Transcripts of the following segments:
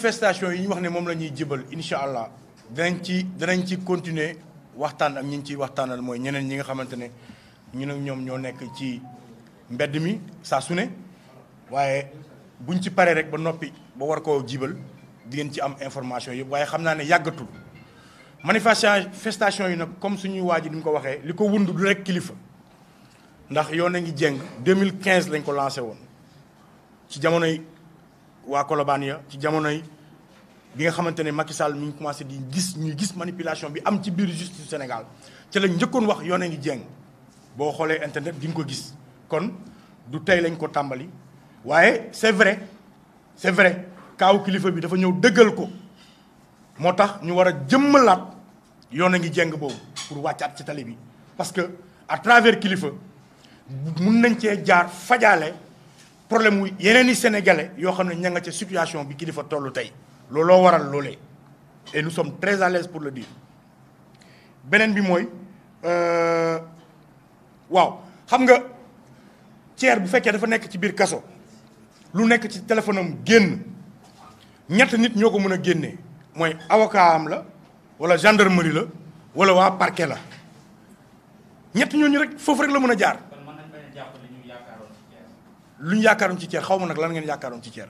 manifestation yi ñu wax ne moom la ñuy jibal incha allah danañ ci danañ ci continuer waxtaan ak ñi ñu ciy waxtaanal mooy ñeneen ñi nga xamante ne ñun ak ñoom ñoo nekk ci mbedd mi saa su ne waaye buñ ci paree rek ba noppi ba war koo jibal di ngeen ci am information yi waaye xam naa ne yàggatul manifestation yi nag comme suñuy waa ji ni ko waxee li ko wund du rek kilifa ndax yoon a ngi jéng 2015 lañ ko lancé woon ci jamonoy waa Colobane ya ci yi bi nga xamante ne Macky Sall ngi commencé di gis ñu gis manipulation bi am ci biir justice Sénégal ci lañ njëkkoon wax yoone ngi jeng boo xoolee internet di nga ko gis kon du tey lañ ko tàmbali waaye c'est vrai c'est vrai kaaw kilifa bi dafa ñëw dëggal ko moo tax ñu war a jëmmalaat yoon a ngi jeng boobu pour wàccaat ci tali bi parce que à travers kilifa mun nañ cee jaar fajaale problème wu yeneen i sénégalais yoo xam ne ña nga ca situation bi kilifa tollu tey looloo waral loole et nous sommes très à pour le dire beneen bi mooy euh, waaw xam nga ceer bu fekkee dafa nekk ci biir kaso lu nekk ci téléphone am génn ñett nit ñoo ko mën a génne mooy avocat am la wala gendarmerie la wala waa parquet la ñett ñooñu rek foofu rek la mën a jaar. lu ñu yaakaaroon ci Thier xaw ma nag lan ngeen yaakaaroon ci Thier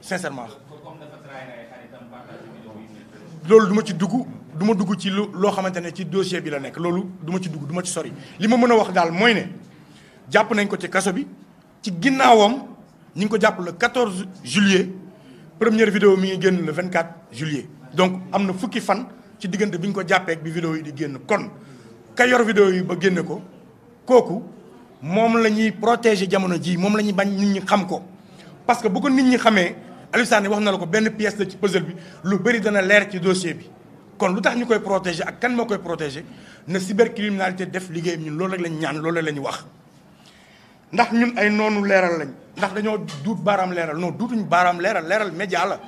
sincèrement. loolu duma ci dugg du ma dugg ci lu loo xamante ne ci dossier bi la nekk loolu duma ci dugg duma ci sori li ma mën a wax daal mooy ne jàpp nañ ko ci kaso bi ci ginnaawam ñu ngi ko jàpp le 14 juillet première vidéo mi ngi génn le 24 juillet donc am na fukki fan ci diggante bi ñu ko jàppee ak bi vidéo yi di génn kon ka yor vidéo yi ba génne ko kooku. moom la ñuy protéger jamono ji moom la ñuy bañ nit ñi xam ko parce que bu ko nit ñi xamee Aliou Sané wax na la ko benn pièce la ci puzzle bi lu bëri dana leer ci dossier bi kon lu tax ñu koy protéger ak kan moo koy protéger na cybercriminalité def liggéeyam ñun loolu rek lañ ñaan loolu la ñu wax ndax ñun ay noonu leeral lañ ndax dañoo duut baaraam leeral noo duutuñu baaraam leeral leeral média la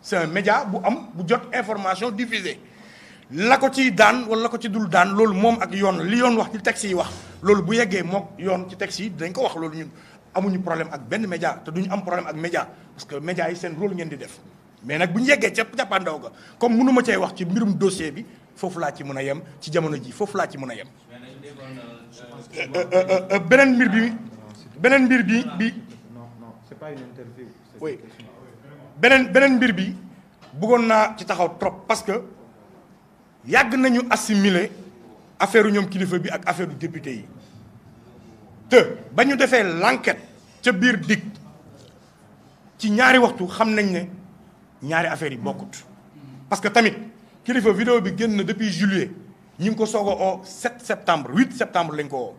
c'est un bu am bu jot information diffusée la ko ci daan wala la ko ci dul daan loolu moom ak yoon li yoon wax ci texte yi wax loolu bu yeggee mook yoon ci texte yi dañ ko wax loolu ñun amuñu problème ak benn média te duñu am problème ak média parce que média yi seen rôle ngeen di def mais nag bu ñu yeggee ca jàppandaw ga comme mënu ma cee wax ci mbirum dossier bi foofu laa ci mën a yem ci jamono ji foofu laa ci mën a yem. beneen mbir bi beneen mbir bi bi. non non c'est beneen beneen mbir bi bëggoon naa ci taxaw trop parce que. yàgg nañu assimiler affaire ñoom kilifa bi ak affaire député yi te ba ñu defee l'enquête ca biir dig ci ñaari waxtu xam nañ ne ñaari affaires yi bokkut parce que tamit kilifa vidéo bi génn depuis juillet ñi ngi ko soog a oo 7 septembre huit septembre lañ ko oo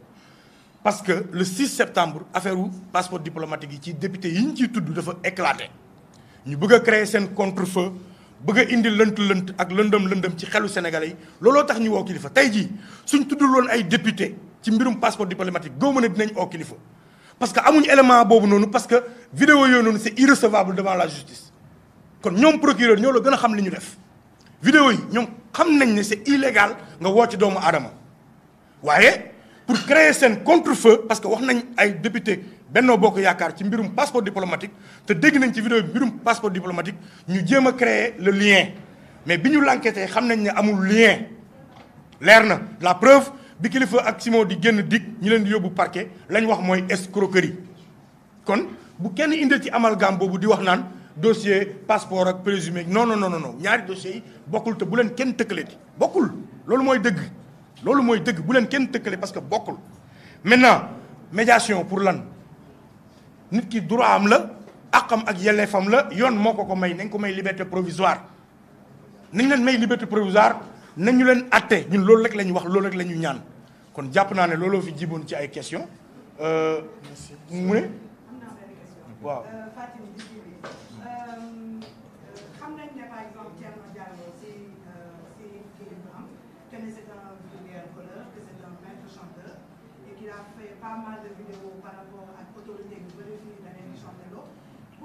parce que le 6 septembre affaire u passeport diplomatique yi ci député yi ñu ciy tudd dafa éclaté ñu bëgg a créer seen contre-feu bëgg a indi lënt lënt ak lëndëm lëndëm ci xelu sénégalais yi looloo tax ñu woo kilifa tey jii suñ tuddul woon ay député ci mbirum passeport diplomatique goo mën a dinañ oo kilifa parce que amuñu élément boobu noonu parce que vidéo yoo noonu c'est irrecevable devant la justice kon ñoom procureur ñoo la gën a xam li ñu def vidéo yi ñoom xam nañ ne c'est illégal nga woo ci doomu aadama waaye pour créer seen contre-feu parce que wax nañ ay député Benno Bokk Yaakaar ci mbirum passeport diplomatique te dégg nañ ci vidéo bi mbirum passeport diplomatique ñu jéem a créer le lien mais bi ñu l'enquêté xam nañ ne amul lien leer na la preuve bi kilifa ak Simon di génn dig ñu leen di yóbbu parquet lañ wax mooy escroquerie kon bu kenn indil ci amal amalgame boobu di wax naan dossier passeport ak présumé non non no non ñaari dossiers yi bokkul te bu leen kenn tëkkaleeti bokkul loolu mooy dëgg loolu mooy dëgg bu leen kenn tëkkale parce que bokkul maintenant médiation pour lan nit ki droit am la àqam ak yelleefam la yoon moo ko ko may nañ ko may liberté provisoire nañ leen may liberté provisoire nañu leen atte ñun loolu rek la ñu wax loolu rek la ñaan kon jàpp naa ne looloo fi jiboon ci ay question euh, mu ne mal de vidéos par rapport à l'autorité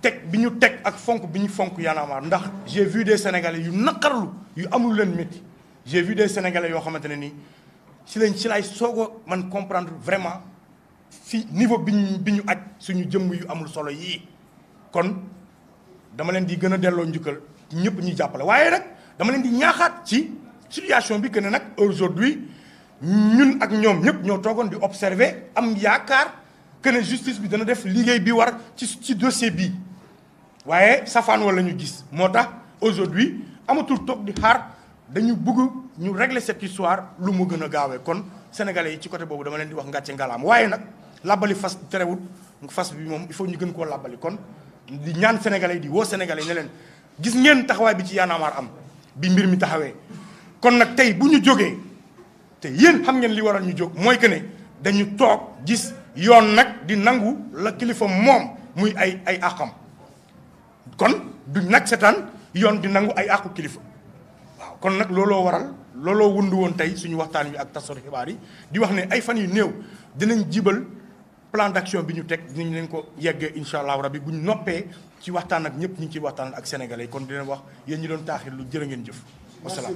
teg bi ñu teg ak fonk bi ñu fonk Y'en a ndax j'ai vu des sénégalais yu naqarlu yu amul leen métti gee vu des sénégalais yoo xamante ne nii si lañ si laay soog man comprendre vraiment si niveau bi ñu bi ñu aj suñu jëmm yu amul solo yii kon dama leen di gën a delloo njukkal ñëpp ñuy jàppale waaye nag dama leen di ñaaxaat ci situation bi que ne nag aujourd'hui ñun ak ñoom ñëpp ñoo toogoon di observer am yaakaar que justice bi dana def liggéey bi war ci ci dossier bii waaye safaan wala ñu gis moo tax aujourd'hui amatul toog di xaar dañu bugg ñu régler cette histoire lu mu gën a gaawee kon sénégalais yi ci côté boobu dama leen di wax nga ngàcce ngalaam waaye nag làbbali fas terewut fas bi moom il faut ñu gën koo làbbali kon di ñaan sénégalais yi di woo sénégalais yi ne leen gis ngeen taxawaay bi ci Y'en a am bi mbir mi taxawee kon nag tey bu ñu jógee te yéen xam ngeen li waral ñu jóg mooy que ne dañu toog gis yoon nag di nangu la kilifa moom muy ay ay àqam kon duñ nag setaan yoon di nangu ay àqu kilifa waaw kon nag looloo waral looloo wundu woon tey suñu waxtaan wi ak taskatu xibaar yi di wax ne ay fan yu néew dinañ jibal plan d'action bi ñu teg dinañ leen ko yeggee incha allahu rabbi bu ñu noppee ci waxtaan ak ñëpp ñu ngi ciy waxtaan ak sénégalais yi kon dina wax yéen ñi doon taaxir lu jërë ngeen jëf. wasalaam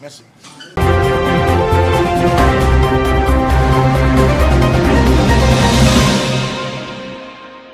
merci